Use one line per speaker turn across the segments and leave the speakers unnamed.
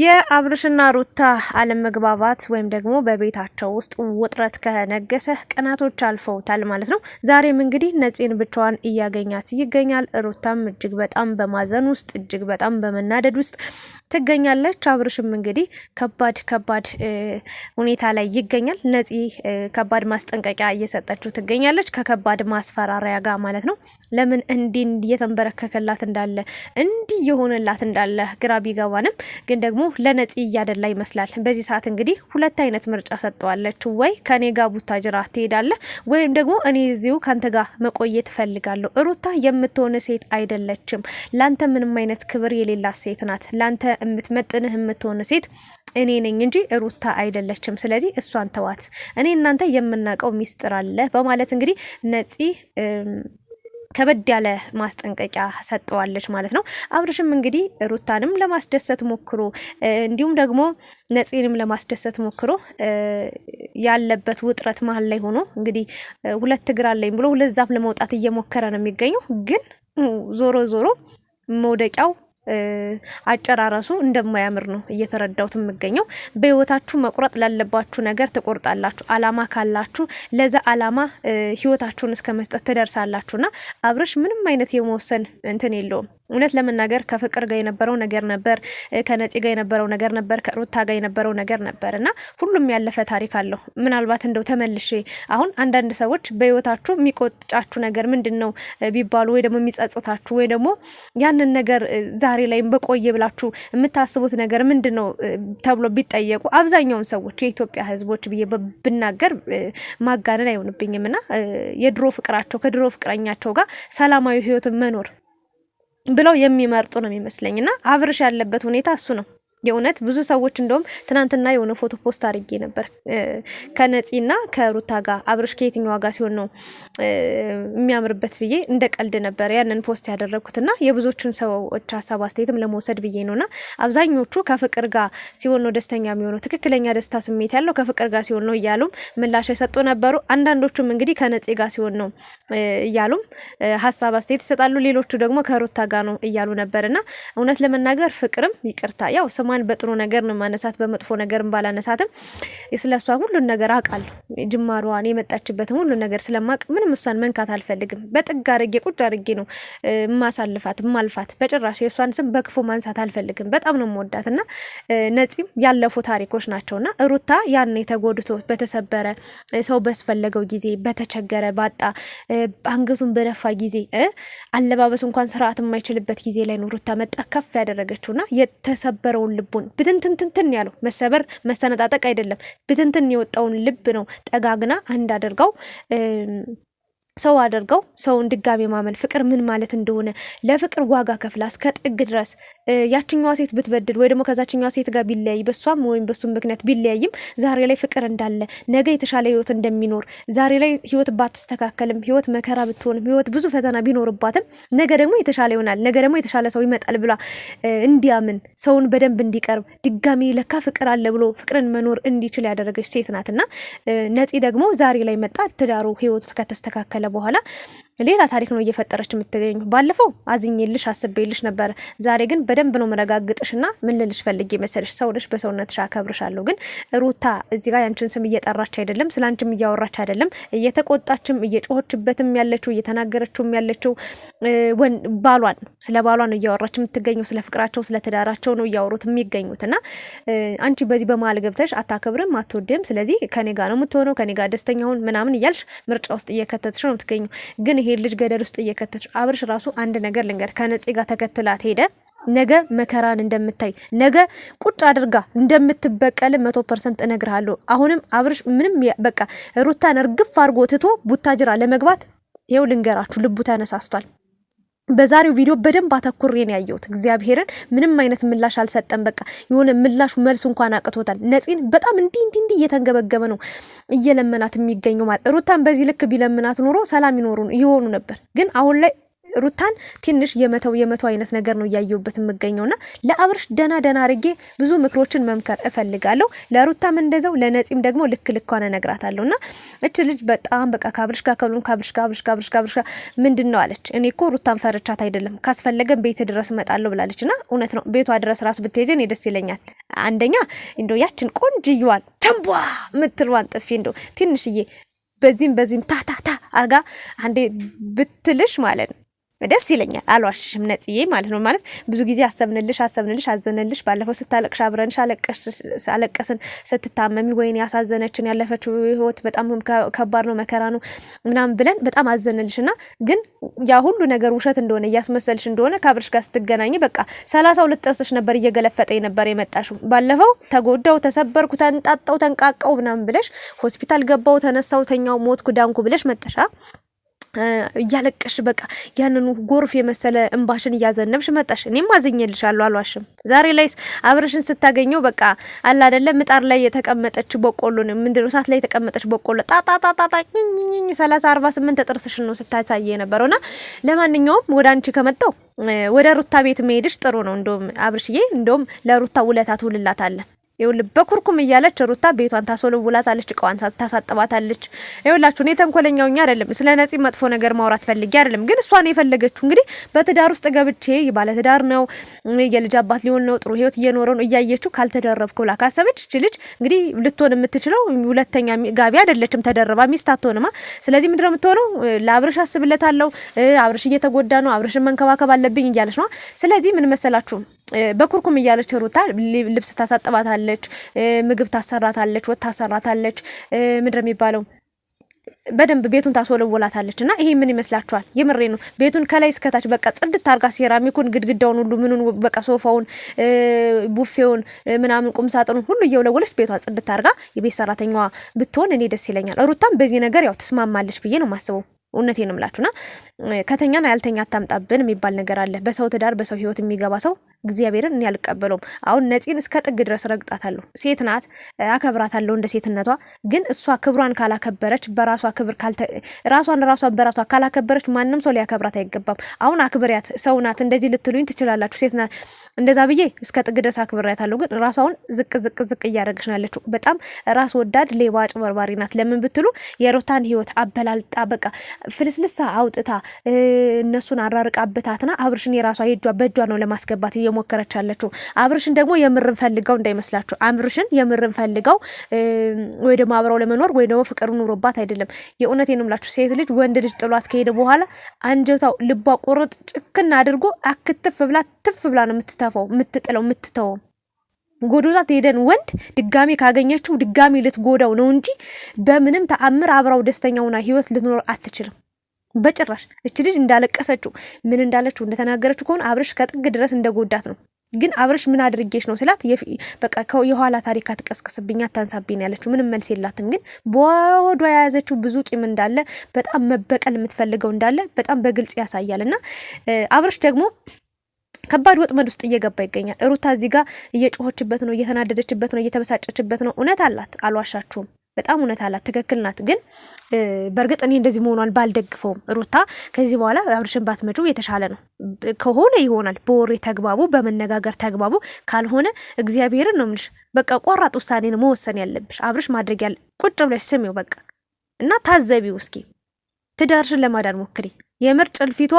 የአብርሽና ሩታ አለመግባባት ወይም ደግሞ በቤታቸው ውስጥ ውጥረት ከነገሰ ቀናቶች አልፈውታል ማለት ነው። ዛሬም እንግዲህ ነፂን ብቻዋን እያገኛት ይገኛል። ሩታም እጅግ በጣም በማዘን ውስጥ እጅግ በጣም በመናደድ ውስጥ ትገኛለች። አብርሽም እንግዲህ ከባድ ከባድ ሁኔታ ላይ ይገኛል። ነፂ ከባድ ማስጠንቀቂያ እየሰጠችው ትገኛለች፣ ከከባድ ማስፈራሪያ ጋር ማለት ነው። ለምን እንዲህ እየተንበረከከላት እንዳለ እንዲህ የሆነላት እንዳለ ግራ ቢገባንም ግን ደግሞ ለነፂ እያደላ ይመስላል። በዚህ ሰዓት እንግዲህ ሁለት አይነት ምርጫ ሰጠዋለች። ወይ ከኔ ጋር ቡታጅራ ትሄዳለህ፣ ወይም ደግሞ እኔ እዚሁ ካንተ ጋር መቆየት እፈልጋለሁ። ሩታ የምትሆነ ሴት አይደለችም። ላንተ ምንም አይነት ክብር የሌላት ሴት ናት። ላንተ የምትመጥንህ የምትሆነ ሴት እኔ ነኝ እንጂ ሩታ አይደለችም። ስለዚህ እሷን ተዋት። እኔ እናንተ የምናውቀው ሚስጥር አለ በማለት እንግዲህ ነፂ ከበድ ያለ ማስጠንቀቂያ ሰጠዋለች ማለት ነው። አብርሽም እንግዲህ ሩታንም ለማስደሰት ሞክሮ እንዲሁም ደግሞ ነፂንም ለማስደሰት ሞክሮ ያለበት ውጥረት መሀል ላይ ሆኖ እንግዲህ ሁለት እግር አለኝ ብሎ ሁለት ዛፍ ለመውጣት እየሞከረ ነው የሚገኘው ግን ዞሮ ዞሮ መውደቂያው አጨራረሱ እንደማያምር ነው እየተረዳሁት የምገኘው። በህይወታችሁ መቁረጥ ላለባችሁ ነገር ትቆርጣላችሁ። አላማ ካላችሁ ለዛ አላማ ህይወታችሁን እስከ መስጠት ትደርሳላችሁና አብርሽ ምንም አይነት የመወሰን እንትን የለውም። እውነት ለመናገር ከፍቅር ጋር የነበረው ነገር ነበር፣ ከነፂ ጋር የነበረው ነገር ነበር፣ ከሩታ ጋር የነበረው ነገር ነበር እና ሁሉም ያለፈ ታሪክ አለው። ምናልባት እንደው ተመልሼ አሁን አንዳንድ ሰዎች በህይወታችሁ የሚቆጫችሁ ነገር ምንድን ነው ቢባሉ ወይ ደግሞ የሚጸጽታችሁ ወይ ደግሞ ያንን ነገር ዛሬ ላይም በቆየ ብላችሁ የምታስቡት ነገር ምንድን ነው ተብሎ ቢጠየቁ አብዛኛውን ሰዎች የኢትዮጵያ ህዝቦች ብዬ ብናገር ማጋነን አይሆንብኝም እና የድሮ ፍቅራቸው ከድሮ ፍቅረኛቸው ጋር ሰላማዊ ህይወት መኖር ብለው የሚመርጡ ነው የሚመስለኝ እና አብርሽ ያለበት ሁኔታ እሱ ነው። የእውነት ብዙ ሰዎች እንደውም ትናንትና የሆነ ፎቶ ፖስት አድርጌ ነበር ከነፂና ከሩታ ጋር አብርሽ ከየትኛው ጋር ሲሆን ነው የሚያምርበት ብዬ እንደ ቀልድ ነበር ያንን ፖስት ያደረግኩትና የብዙዎቹን ሰዎች ሀሳብ አስተያየትም ለመውሰድ ብዬ ነውና አብዛኞቹ ከፍቅር ጋር ሲሆን ነው ደስተኛ የሚሆነው፣ ትክክለኛ ደስታ ስሜት ያለው ከፍቅር ጋር ሲሆን ነው እያሉም ምላሽ የሰጡ ነበሩ። አንዳንዶቹም እንግዲህ ከነፂ ጋር ሲሆን ነው እያሉም ሀሳብ አስተያየት ይሰጣሉ። ሌሎቹ ደግሞ ከሩታ ጋር ነው እያሉ ነበርና እውነት ለመናገር ፍቅርም ይቅርታ ያው ስማ ጅማን በጥሩ ነገር ነው ማነሳት፣ በመጥፎ ነገር ባላነሳትም ስለሷ ሁሉን ነገር አውቃለሁ። ጅማሯን የመጣችበትም ሁሉን ነገር ስለማቅ ምንም እሷን መንካት አልፈልግም። በጥግ አርጌ ቁጭ አርጌ ነው ማሳልፋት ማልፋት። በጭራሽ የእሷን ስም በክፉ ማንሳት አልፈልግም። በጣም ነው መወዳት እና ነፂም ያለፉ ታሪኮች ናቸውና ሩታ ያኔ ተጎድቶ በተሰበረ ሰው በስፈለገው ጊዜ በተቸገረ ባጣ አንገቱን በደፋ ጊዜ አለባበሱ እንኳን ስርዓት የማይችልበት ጊዜ ላይ ነው ሩታ መጣ ከፍ ያደረገችውና የተሰበረውን ልቡን ብትንትንትንትን ያለው መሰበር መሰነጣጠቅ አይደለም፣ ብትንትን የወጣውን ልብ ነው ጠጋግና አንድ አድርገው ሰው አድርገው ሰውን ድጋሜ ማመን ፍቅር ምን ማለት እንደሆነ ለፍቅር ዋጋ ከፍላ እስከ ጥግ ድረስ ያችኛዋ ሴት ብትበድል ወይ ደግሞ ከዛችኛዋ ሴት ጋር ቢለያይ በሷም ወይም በሱም ምክንያት ቢለያይም ዛሬ ላይ ፍቅር እንዳለ ነገ የተሻለ ህይወት እንደሚኖር ዛሬ ላይ ህይወት ባትስተካከልም ህይወት መከራ ብትሆንም ህይወት ብዙ ፈተና ቢኖርባትም ነገ ደግሞ የተሻለ ይሆናል፣ ነገ ደግሞ የተሻለ ሰው ይመጣል ብላ እንዲያምን ሰውን በደንብ እንዲቀርብ ድጋሚ ለካ ፍቅር አለ ብሎ ፍቅርን መኖር እንዲችል ያደረገች ሴት ናትና ነፂ ደግሞ ዛሬ ላይ መጣ ትዳሩ ህይወቱ ከተስተካከለ በኋላ ሌላ ታሪክ ነው እየፈጠረች የምትገኙ። ባለፈው አዝኜልሽ አስቤልሽ ነበረ። ዛሬ ግን በደንብ ነው መረጋግጥሽና ምን ልልሽ ፈልጌ መሰልሽ፣ ሰው ልሽ በሰውነትሽ አከብርሻለሁ። ግን ሩታ እዚህ ጋር ያንችን ስም እየጠራች አይደለም፣ ስለ አንችም እያወራች አይደለም፣ እየተቆጣችም እየጮኸችበትም ያለችው እየተናገረችውም ያለችው ባሏን ስለ ባሏ ነው እያወራች የምትገኘው። ስለ ፍቅራቸው፣ ስለ ትዳራቸው ነው እያወሩት የሚገኙት እና አንቺ በዚህ በመሀል ገብተሽ አታከብርም፣ አትወድም። ስለዚህ ከኔ ጋር ነው የምትሆነው፣ ከኔ ጋር ደስተኛውን ምናምን እያልሽ ምርጫ ውስጥ እየከተትሽ ነው የምትገኘው። ግን ይሄ ልጅ ገደል ውስጥ እየከተትሽ አብርሽ ራሱ አንድ ነገር ልንገር ከነጽ ጋር ተከትላት ሄደ ነገ መከራን እንደምታይ ነገ ቁጭ አድርጋ እንደምትበቀል መቶ ፐርሰንት እነግርሃለሁ። አሁንም አብርሽ ምንም በቃ ሩታን እርግፍ አድርጎ ትቶ ቡታጅራ ለመግባት ይኸው ልንገራችሁ ልቡ ተነሳስቷል። በዛሬው ቪዲዮ በደንብ አተኩሬን ያየሁት እግዚአብሔርን ምንም አይነት ምላሽ አልሰጠም። በቃ የሆነ ምላሹ መልሱ እንኳን አቅቶታል። ነፂን በጣም እንዲ እንዲ እንዲ እየተንገበገበ ነው እየለመናት የሚገኘው ማለት ሩታን በዚህ ልክ ቢለምናት ኖሮ ሰላም ይኖሩ ይሆኑ ነበር ግን አሁን ላይ ሩታን ትንሽ የመተው የመተው አይነት ነገር ነው እያየሁበት የምገኘውና ለአብርሽ ደና ደና አርጌ ብዙ ምክሮችን መምከር እፈልጋለሁ። ለሩታም እንደዛው ለነፂም ደግሞ ልክ ልኳን እነግራታለሁና እች ልጅ በጣም በቃ ካብርሽ ጋር ከሉን ካብርሽ ካብርሽ ብርሽ ጋር ምንድን ነው አለች። እኔ እኮ ሩታን ፈርቻት አይደለም ካስፈለገን ቤት ድረስ እመጣለሁ ብላለችና እውነት ነው። ቤቷ ድረስ ራሱ ብትሄጂ እኔ ደስ ይለኛል። አንደኛ እንዶ ያችን ቆንጅየዋን ጀንቧ ምትልዋን ጥፊ እንዶ ትንሽዬ በዚህም በዚህም ታታታ አርጋ አንዴ ብትልሽ ማለት ነው ደስ ይለኛል፣ አልዋሽሽም ነጽዬ ማለት ነው። ማለት ብዙ ጊዜ አሰብንልሽ አሰብንልሽ አዘነልሽ። ባለፈው ስታለቅሽ አብረንሽ አለቀስን። ስትታመሚ ወይን ያሳዘነችን ያለፈችው ህይወት በጣም ከባድ ነው መከራ ነው ምናምን ብለን በጣም አዘንልሽ እና ግን ያ ሁሉ ነገር ውሸት እንደሆነ እያስመሰልሽ እንደሆነ ከአብርሽ ጋር ስትገናኝ በቃ ሰላሳ ሁለት ጥርስሽ ነበር እየገለፈጠ ነበር የመጣሽው። ባለፈው ተጎዳው፣ ተሰበርኩ፣ ተንጣጣው፣ ተንቃቃው ምናምን ብለሽ ሆስፒታል ገባው፣ ተነሳው፣ ተኛው፣ ሞትኩ፣ ዳንኩ ብለሽ መጠሻ እያለቀሽ በቃ ያንን ጎርፍ የመሰለ እንባሽን እያዘነብሽ መጣሽ። እኔም አዝኜልሻለሁ፣ አሏሽም ዛሬ ላይ አብረሽን ስታገኘው በቃ አለ አይደለ ምጣድ ላይ የተቀመጠች በቆሎ ነው ምንድነው፣ እሳት ላይ የተቀመጠች በቆሎ ጣጣጣጣጣ ኝኝኝ 30 48 ጥርስሽን ነው ስታሳየ የነበረውና ለማንኛውም ወደ አንቺ ከመጣው ወደ ሩታ ቤት መሄድሽ ጥሩ ነው። እንደውም አብርሽዬ፣ እንደውም ለሩታ ውለታ ትውልላት አለ ይኸውልህ በኩርኩም እያለች ሩታ ቤቷን ታስወለውላታለች፣ እቃዋን ታሳጥባታለች። ይኸውላችሁ እኔ ተንኮለኛው እኛ አይደለም ስለ ነፂ መጥፎ ነገር ማውራት ፈልጌ አይደለም፣ ግን እሷ ነው የፈለገችው እንግዲህ በትዳር ውስጥ ገብቼ ባለ ትዳር ነው የልጅ አባት ሊሆን ነው ጥሩ ህይወት እየኖረ ነው እያየችው ካልተደረብኩ ብላ ካሰበች እች ልጅ እንግዲህ ልትሆን የምትችለው ሁለተኛ ጋቢ አይደለችም፣ ተደረባ ሚስት አትሆንማ። ስለዚህ ምንድነው የምትሆነው? ለአብርሽ አስብለታለሁ፣ አብርሽ እየተጎዳ ነው፣ አብርሽን መንከባከብ አለብኝ እያለች ነው። ስለዚህ ምን መሰላችሁ በኩርኩም እያለች ሩታ ልብስ ታሳጥባታለች፣ ምግብ ታሰራታለች፣ ወጥ ታሰራታለች፣ ምድር የሚባለው በደንብ ቤቱን ታስወለወላታለች። እና ይሄ ምን ይመስላችኋል? የምሬ ነው። ቤቱን ከላይ እስከታች በቃ ጽድት አርጋ ሴራሚኩን፣ ግድግዳውን ሁሉ ምኑን በቃ ሶፋውን፣ ቡፌውን ምናምን ቁም ሳጥኑን ሁሉ እየወለወለች ቤቷ ጽድት አርጋ የቤት ሰራተኛዋ ብትሆን እኔ ደስ ይለኛል። ሩታም በዚህ ነገር ያው ትስማማለች ብዬ ነው ማስበው እውነቴን ነው ከተኛን ከተኛና ያልተኛ አታምጣብን የሚባል ነገር አለ። በሰው ትዳር በሰው ህይወት የሚገባ ሰው እግዚአብሔርን እኔ አልቀበለውም። አሁን ነፂን እስከ ጥግ ድረስ ረግጣታለሁ። ሴት ናት፣ አከብራታለሁ እንደ ሴትነቷ። ግን እሷ ክብሯን ካላከበረች፣ በራሷ ክብር ራሷን ራሷን በራሷ ካላከበረች ማንም ሰው ሊያከብራት አይገባም። አሁን አክብሪያት፣ ሰው ናት፣ እንደዚህ ልትሉኝ ትችላላችሁ፣ ሴት ናት እንደዛ ብዬ እስከ ጥግ ድረስ አክብሬያታለሁ። ግን ራሷን ዝቅ ዝቅ ዝቅ እያደረገች ነው ያለችው። በጣም ራስ ወዳድ፣ ሌባ፣ አጭበርባሪ ናት። ለምን ብትሉ የሮታን ህይወት አበላልጣ በቃ ፍልስልሳ አውጥታ እነሱን አራርቃበታትና አብርሽን የራሷ የእጇ በእጇ ነው ለማስገባት እየሞከረች ያለችው። አብርሽን ደግሞ የምርን ፈልገው እንዳይመስላችሁ። አብርሽን የምርን ፈልገው ወይ ደግሞ አብረው ለመኖር ወይ ደግሞ ፍቅር ኑሮባት አይደለም። የእውነቴን ነው የምላችሁ። ሴት ልጅ ወንድ ልጅ ጥሏት ከሄደ በኋላ አንጀታው ልቧ ቁርጥ ጭክና አድርጎ አክትፍ ብላ ትፍ ብላ ነው የምትተፈው፣ የምትጥለው፣ የምትተወው ጎዶታ ሄደን ወንድ ድጋሚ ካገኘችው ድጋሚ ልትጎዳው ነው እንጂ በምንም ተአምር አብራው ደስተኛውና ህይወት ልትኖር አትችልም። በጭራሽ እች ልጅ እንዳለቀሰችው ምን እንዳለችው እንደተናገረችው ከሆነ አብርሽ ከጥግ ድረስ እንደጎዳት ነው። ግን አብርሽ ምን አድርጌሽ ነው ስላት በቃ የኋላ ታሪክ አትቀስቅስብኝ፣ አታንሳብኝ ያለችው። ምንም መልስ የላትም። ግን በወዷ የያዘችው ብዙ ቂም እንዳለ፣ በጣም መበቀል የምትፈልገው እንዳለ በጣም በግልጽ ያሳያል። እና አብርሽ ደግሞ ከባድ ወጥመድ ውስጥ እየገባ ይገኛል። ሩታ እዚህ ጋር እየጮኸችበት ነው፣ እየተናደደችበት ነው፣ እየተበሳጨችበት ነው። እውነት አላት፣ አልዋሻችሁም። በጣም እውነት አላት፣ ትክክል ናት። ግን በእርግጥ እኔ እንደዚህ መሆኗን ባልደግፈውም ሩታ ከዚህ በኋላ አብርሽን ባትመጪው የተሻለ ነው። ከሆነ ይሆናል፣ በወሬ ተግባቡ፣ በመነጋገር ተግባቡ። ካልሆነ እግዚአብሔርን ነው የምልሽ፣ በቃ ቆራጥ ውሳኔ ነው መወሰን ያለብሽ። አብርሽ ማድረግ ያለ ቁጭ ብለሽ ስሚው በቃ እና ታዘቢው። እስኪ ትዳርሽን ለማዳን ሞክሬ የምር ጭልፊቷ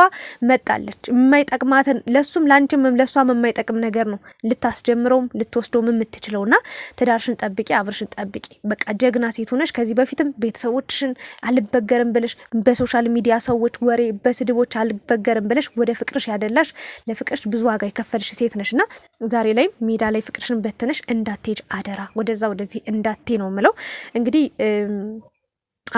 መጣለች። የማይጠቅማትን ለሱም ለአንቺም ለሷም የማይጠቅም ነገር ነው ልታስጀምረውም ልትወስደውም የምትችለውና ትዳርሽን ጠብቂ፣ አብርሽን ጠብቂ። በቃ ጀግና ሴት ሆነሽ ከዚህ በፊትም ቤተሰቦችሽን አልበገርም ብለሽ በሶሻል ሚዲያ ሰዎች ወሬ በስድቦች አልበገርም ብለሽ ወደ ፍቅርሽ ያደላሽ ለፍቅርሽ ብዙ ዋጋ የከፈልሽ ሴት ነሽ ና ዛሬ ላይም ሜዳ ላይ ፍቅርሽን በትነሽ እንዳትሄጅ አደራ፣ ወደዛ ወደዚህ እንዳቴ ነው ምለው እንግዲህ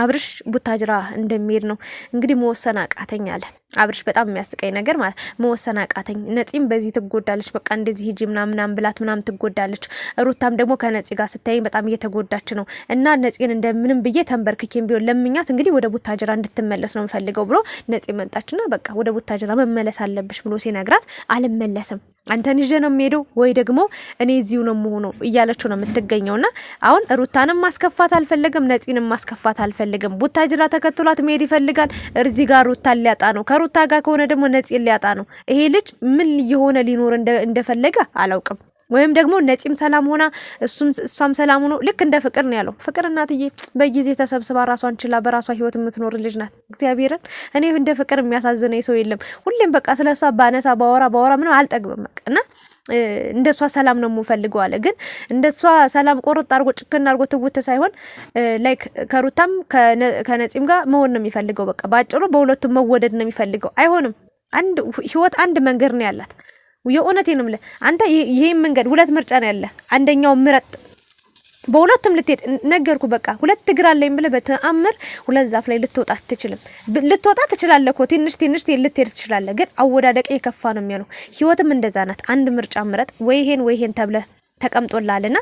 አብርሽ ቡታጅራ እንደሚሄድ ነው እንግዲህ መወሰን አቃተኝ አለ። አብርሽ በጣም የሚያስቀኝ ነገር ማለት መወሰን አቃተኝ፣ ነፂም በዚህ ትጎዳለች፣ በቃ እንደዚህ ሂጂ ምናምናም ብላት ምናም ትጎዳለች። ሩታም ደግሞ ከነፂ ጋር ስታይኝ በጣም እየተጎዳች ነው እና ነፂን እንደምንም ብዬ ተንበርክኬም ቢሆን ለምኛት እንግዲህ ወደ ቡታጅራ እንድትመለስ ነው የምፈልገው ብሎ ነፂ መጣችና በቃ ወደ ቡታጅራ መመለስ አለብሽ ብሎ ሲነግራት አልመለስም አንተን ይዤ ነው የምሄደው ወይ ደግሞ እኔ እዚሁ ነው የምሆነው እያለችው ነው የምትገኘውና አሁን ሩታንም ማስከፋት አልፈለገም፣ ነፂንም ማስከፋት አልፈለገም። ቡታጅራ ተከትሏት መሄድ ይፈልጋል። እርዚ ጋር ሩታን ሊያጣ ነው፣ ከሩታ ጋር ከሆነ ደግሞ ነፂን ሊያጣ ነው። ይሄ ልጅ ምን እየሆነ ሊኖር እንደፈለገ አላውቅም። ወይም ደግሞ ነፂም ሰላም ሆና እሷም ሰላም ሆኖ ልክ እንደ ፍቅር ነው ያለው። ፍቅር እናትዬ በጊዜ ተሰብስባ ራሷን ችላ በራሷ ህይወት የምትኖር ልጅ ናት። እግዚአብሔርን እኔ እንደ ፍቅር የሚያሳዝነኝ ሰው የለም። ሁሌም በቃ ስለሷ ባነሳ ባወራ ባወራ ምንም አልጠግብም በቃ እንደሷ ሰላም ነው የምፈልገው አለ። ግን እንደሷ ሰላም ቆርጥ አድርጎ ጭክን አድርጎ ትውት ሳይሆን ላይክ ከሩታም ከነፂም ጋር መሆን ነው የሚፈልገው። በቃ ባጭሩ በሁለቱም መወደድ ነው የሚፈልገው። አይሆንም። አንድ ህይወት አንድ መንገድ ነው ያላት። የእውነቴን ነው የምልህ። አንተ ይሄን መንገድ ሁለት ምርጫ ነው ያለ። አንደኛው ምረጥ፣ በሁለቱም ልትሄድ ነገርኩ። በቃ ሁለት እግር አለኝ ብለህ በተአምር ሁለት ዛፍ ላይ ልትወጣ አትችልም። ልትወጣ ትችላለህ እኮ ትንሽ ትንሽ ልትሄድ ትችላለህ፣ ግን አወዳደቅ የከፋ ነው የሚሆነው። ህይወትም እንደዛ ናት። አንድ ምርጫ ምረጥ፣ ወይ ይሄን ወይ ይሄን ተብለህ ተቀምጦላልና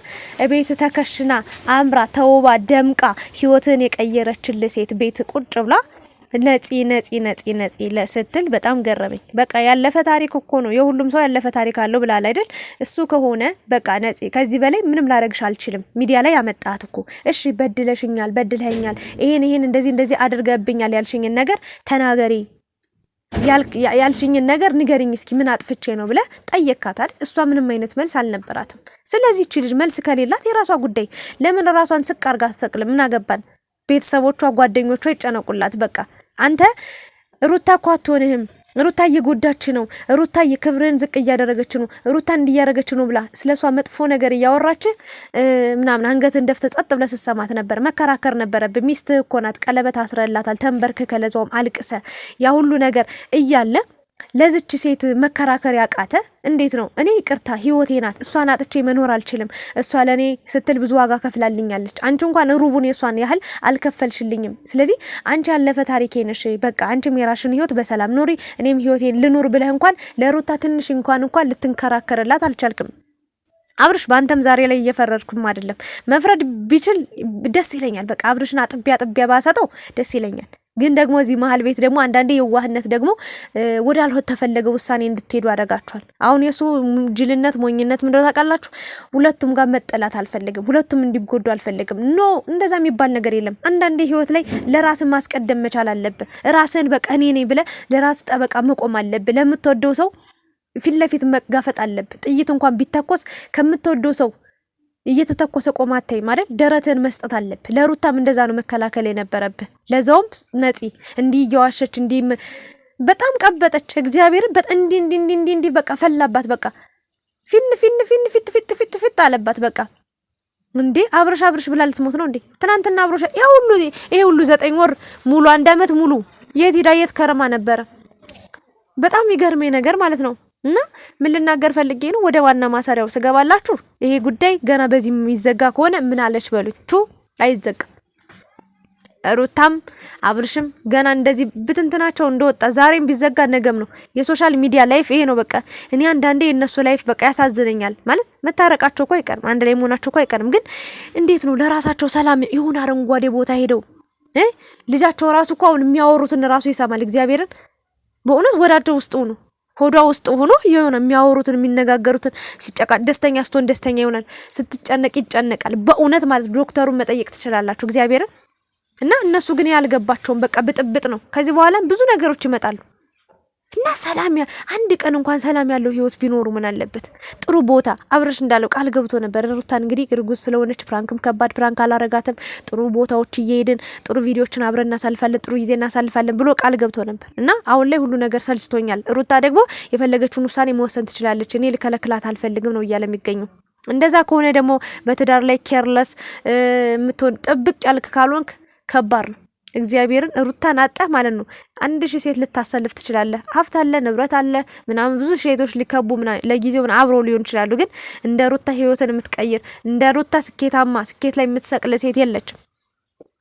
ቤት ተከሽና አምራ ተውባ ደምቃ ህይወትን የቀየረችልህ ሴት ቤት ቁጭ ብላ ነፂ ነፂ ነፂ ነፂ ስትል በጣም ገረመኝ። በቃ ያለፈ ታሪክ እኮ ነው፣ የሁሉም ሰው ያለፈ ታሪክ አለው ብላል አይደል? እሱ ከሆነ በቃ ነፂ፣ ከዚህ በላይ ምንም ላረግሽ አልችልም። ሚዲያ ላይ ያመጣት እኮ እሺ፣ በድለሽኛል፣ በድለኛል ይሄን ይሄን እንደዚህ እንደዚህ አድርገብኛል ያልሽኝን ነገር ተናገሪ ያልሽኝን ነገር ንገርኝ እስኪ ምን አጥፍቼ ነው ብለ ጠየካታል። እሷ ምንም አይነት መልስ አልነበራትም። ስለዚህ እቺ ልጅ መልስ ከሌላት የራሷ ጉዳይ። ለምን ራሷን ስቅ አርጋ ትሰቅልም? ምን አገባን? ቤተሰቦቿ፣ ጓደኞቿ ይጨነቁላት። በቃ አንተ ሩታ እኮ አትሆንህም፣ ሩታ እየጎዳች ነው፣ ሩታ የክብርህን ዝቅ እያደረገች ነው፣ ሩታ እንዲያደረገች ነው ብላ ስለ ስለሷ መጥፎ ነገር እያወራች ምናምን አንገትን ደፍተ ጸጥ ብለ ስሰማት ነበር። መከራከር ነበረብህ። ሚስትህ እኮ ናት፣ ቀለበት አስረላታል፣ ተንበርክ ከለዛውም አልቅሰ ያ ሁሉ ነገር እያለ ለዚች ሴት መከራከር ያቃተ እንዴት ነው? እኔ ይቅርታ ህይወቴ ናት፣ እሷን አጥቼ መኖር አልችልም። እሷ ለእኔ ስትል ብዙ ዋጋ ከፍላልኛለች። አንቺ እንኳን ሩቡን የእሷን ያህል አልከፈልሽልኝም። ስለዚህ አንቺ ያለፈ ታሪኬ ነሽ። በቃ አንቺም የራሽን ህይወት በሰላም ኖሪ፣ እኔም ህይወቴን ልኖር ብለህ እንኳን ለሩታ ትንሽ እንኳን እንኳን ልትንከራከርላት አልቻልክም። አብርሽ በአንተም ዛሬ ላይ እየፈረድኩም አይደለም። መፍረድ ቢችል ደስ ይለኛል። በቃ አብርሽን አጥቢያ ጥቢያ ባሰጠው ደስ ይለኛል። ግን ደግሞ እዚህ መሀል ቤት ደግሞ አንዳንዴ የዋህነት ደግሞ ወደ አልሆት ተፈለገ ውሳኔ እንድትሄዱ ያደርጋችኋል። አሁን የሱ ጅልነት፣ ሞኝነት ምንድን ነው ታውቃላችሁ? ሁለቱም ጋር መጠላት አልፈልግም፣ ሁለቱም እንዲጎዱ አልፈልግም። ኖ እንደዛ የሚባል ነገር የለም። አንዳንዴ ህይወት ላይ ለራስን ማስቀደም መቻል አለብን። ራስን በቃ እኔ ነኝ ብለህ ለራስ ጠበቃ መቆም አለብን። ለምትወደው ሰው ፊት ለፊት መጋፈጥ አለብን። ጥይት እንኳን ቢተኮስ ከምትወደው ሰው እየተተኮሰ ቆማ አታይም አይደል? ደረትህን መስጠት አለብ። ለሩታም እንደዛ ነው መከላከል የነበረብ። ለዛውም ነፂ እንዲህ እየዋሸች እንዲህ በጣም ቀበጠች። እግዚአብሔርን በጣም እንዲህ እንዲህ እንዲህ እንዲህ በቃ ፈላባት። በቃ ፊን ፊን ፊን ፊት ፊት ፊት ፊት አለባት። በቃ እንዴ አብረሽ አብረሽ ብላ ልትሞት ነው እንዴ? ትናንትና አብረሽ ያ ሁሉ ይሄ ሁሉ ዘጠኝ ወር ሙሉ አንድ አመት ሙሉ የት ሄዳ የት ከረማ ነበረ? በጣም ይገርመኝ ነገር ማለት ነው። እና ምን ልናገር ፈልጌ ነው፣ ወደ ዋና ማሰሪያው ስገባላችሁ ይሄ ጉዳይ ገና በዚህ የሚዘጋ ከሆነ ምን አለች በሉኝ። ቱ አይዘጋም። ሩታም አብርሽም ገና እንደዚህ ብትንትናቸው እንደወጣ ዛሬም ቢዘጋ ነገም ነው። የሶሻል ሚዲያ ላይፍ ይሄ ነው በቃ። እኔ አንዳንዴ የነሱ ላይፍ በቃ ያሳዝነኛል። ማለት መታረቃቸው እኮ አይቀርም፣ አንድ ላይ መሆናቸው እኮ አይቀርም። ግን እንዴት ነው ለራሳቸው ሰላም የሆነ አረንጓዴ ቦታ ሄደው ልጃቸው ራሱ እኮ አሁን የሚያወሩትን ራሱ ይሰማል። እግዚአብሔርን በእውነት ወዳቸው ውስጥ ነው ሆዷ ውስጥ ሆኖ የሆነ የሚያወሩትን የሚነጋገሩትን ሲጨቃ ደስተኛ ስትሆን ደስተኛ ይሆናል፣ ስትጨነቅ ይጨነቃል። በእውነት ማለት ዶክተሩን መጠየቅ ትችላላችሁ እግዚአብሔርን እና እነሱ ግን ያልገባቸውን በቃ ብጥብጥ ነው። ከዚህ በኋላ ብዙ ነገሮች ይመጣሉ። እና ሰላም አንድ ቀን እንኳን ሰላም ያለው ህይወት ቢኖሩ ምን አለበት? ጥሩ ቦታ አብረሽ እንዳለው ቃል ገብቶ ነበር። ሩታ እንግዲህ እርጉዝ ስለሆነች ፕራንክም ከባድ ፕራንክ አላረጋትም። ጥሩ ቦታዎች እየሄድን ጥሩ ቪዲዮዎችን አብረን እናሳልፋለን፣ ጥሩ ጊዜ እናሳልፋለን ብሎ ቃል ገብቶ ነበር እና አሁን ላይ ሁሉ ነገር ሰልችቶኛል። ሩታ ደግሞ የፈለገችውን ውሳኔ መወሰን ትችላለች፣ እኔ ልከለክላት አልፈልግም ነው እያለ የሚገኘው። እንደዛ ከሆነ ደግሞ በትዳር ላይ ኬርለስ የምትሆን ጥብቅ ያልክ ካልሆንክ ከባድ ነው። እግዚአብሔርን ሩታን አጣህ ማለት ነው። አንድ ሺህ ሴት ልታሰልፍ ትችላለህ። ሀብት አለ፣ ንብረት አለ፣ ምናምን ብዙ ሴቶች ሊከቡ ለጊዜው አብሮ ሊሆን ይችላሉ። ግን እንደ ሩታ ህይወትን የምትቀይር እንደ ሩታ ስኬታማ ስኬት ላይ የምትሰቅል ሴት የለችም።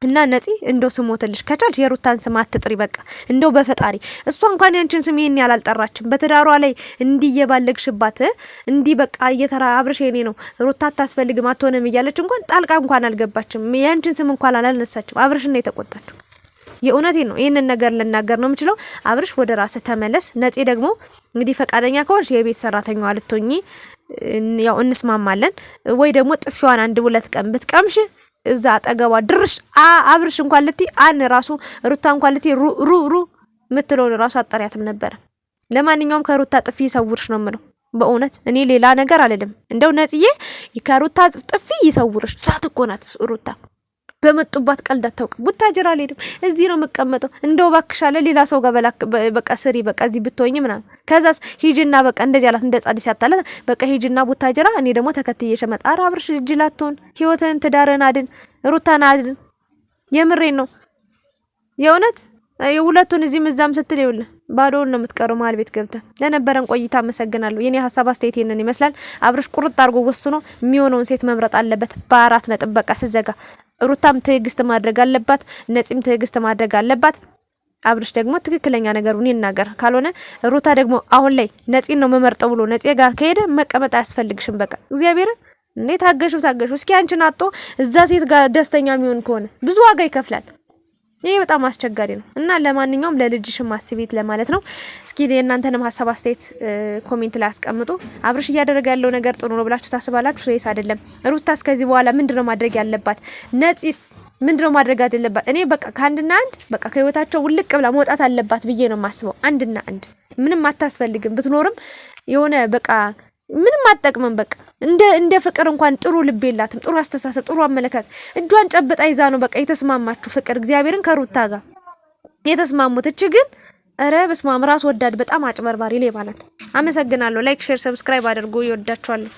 እና ነፂ እንደው ስሞትልሽ ከቻልሽ የሩታን ስም አትጥሪ። በቃ እንደው በፈጣሪ እሷ እንኳን ያንቺን ስም ይሄን ያላልጠራችም። በትዳሯ ላይ እንዲህ እየባለግሽባት እንዲህ በቃ እየተራ አብርሽ የኔ ነው ሩታ አታስፈልግም አትሆንም እያለች እንኳን ጣልቃ እንኳን አልገባችም። ያንቺን ስም እንኳን አላነሳችም። አብርሽ ነው የተቆጣችው። የእውነቴ ነው። ይህንን ነገር ልናገር ነው የምችለው። አብርሽ ወደ ራስ ተመለስ። ነፂ ደግሞ እንግዲህ ፈቃደኛ ከሆንሽ የቤት ሰራተኛዋ ልትሆኚ ያው እንስማማለን ወይ ደግሞ ጥፊዋን አንድ ሁለት ቀን ብትቀምሽ እዛ አጠገቧ ድርሽ አብርሽ እንኳን ልቲ አን ራሱ ሩታ እንኳን ልቲ ሩ ሩ ምትለውን ራሱ አጠሪያትም ነበረ። ለማንኛውም ከሩታ ጥፊ ይሰውርሽ ነው የምለው። በእውነት እኔ ሌላ ነገር አልልም። እንደው ነጽዬ ከሩታ ጥፊ ይሰውርሽ። ሳት እኮ ናት ሩታ። በመጡባት ቀልድ አታውቅም። ቡታጀራ አልሄድም፣ እዚህ ነው የምቀመጠው። እንደው ባክሻለ ሌላ ሰው ጋር በቃ ስሪ፣ በቃ እዚህ ብትሆኝ ምናምን። ከዛስ ሂጅና በቃ እንደዚህ አላት፣ እንደ ጻድቅ ሲያታላት በቃ ሂጅና ቡታጅራ፣ እኔ ደግሞ ተከትዬ ሸመጣ። ኧረ አብርሽ እጅ ላትሆን፣ ህይወትን ትዳርን አድን፣ ሩታን አድን። የምሬን ነው የእውነት ሁለቱን እዚህም እዛም ስትል ይውል ባዶውን ነው የምትቀረው። መሀል ቤት ገብተ ለነበረን ቆይታ አመሰግናለሁ። የኔ ሀሳብ አስተያየት ይህንን ይመስላል። አብርሽ ቁርጥ አድርጎ ወስኖ የሚሆነውን ሴት መምረጥ አለበት። በአራት ነጥብ በቃ ስዘጋ ሩታም ትዕግስት ማድረግ አለባት፣ ነፂም ትዕግስት ማድረግ አለባት። አብርሽ ደግሞ ትክክለኛ ነገሩን ይናገር። ካልሆነ ሩታ ደግሞ አሁን ላይ ነፂን ነው መመርጠው ብሎ ነፂ ጋር ከሄደ መቀመጥ አያስፈልግሽም። በቃ እግዚአብሔር እኔ ታገሹ ታገሹ። እስኪ አንቺን አጥቶ እዛ ሴት ጋር ደስተኛ የሚሆን ከሆነ ብዙ ዋጋ ይከፍላል። ይህ በጣም አስቸጋሪ ነው እና ለማንኛውም ለልጅሽ አስቢት ለማለት ነው። እስኪ የእናንተንም ሀሳብ አስተያየት ኮሜንት ላይ አስቀምጡ። አብርሽ እያደረገ ያለው ነገር ጥሩ ነው ብላችሁ ታስባላችሁ ወይስ አይደለም? ሩታስ ከዚህ በኋላ ምንድነው ማድረግ ያለባት? ነፂስ ምንድነው ማድረግ አይደለባት? እኔ በቃ ከአንድና አንድ በቃ ከህይወታቸው ውልቅ ብላ መውጣት አለባት ብዬ ነው የማስበው። አንድና አንድ ምንም አታስፈልግም ብትኖርም የሆነ በቃ ምንም አጠቅምም በቃ እንደ እንደ ፍቅር እንኳን ጥሩ ልብ የላትም፣ ጥሩ አስተሳሰብ፣ ጥሩ አመለካከት። እጇን ጨብጣ ይዛ ነው በቃ የተስማማችሁ ፍቅር እግዚአብሔርን ከሩታ ጋር የተስማሙት። እች ግን ኧረ በስማም ራስ ወዳድ፣ በጣም አጭበርባሪ ሌባ ናት። አመሰግናለሁ። ላይክ፣ ሼር፣ ሰብስክራይብ አድርጉ። ይወዳችኋለሁ።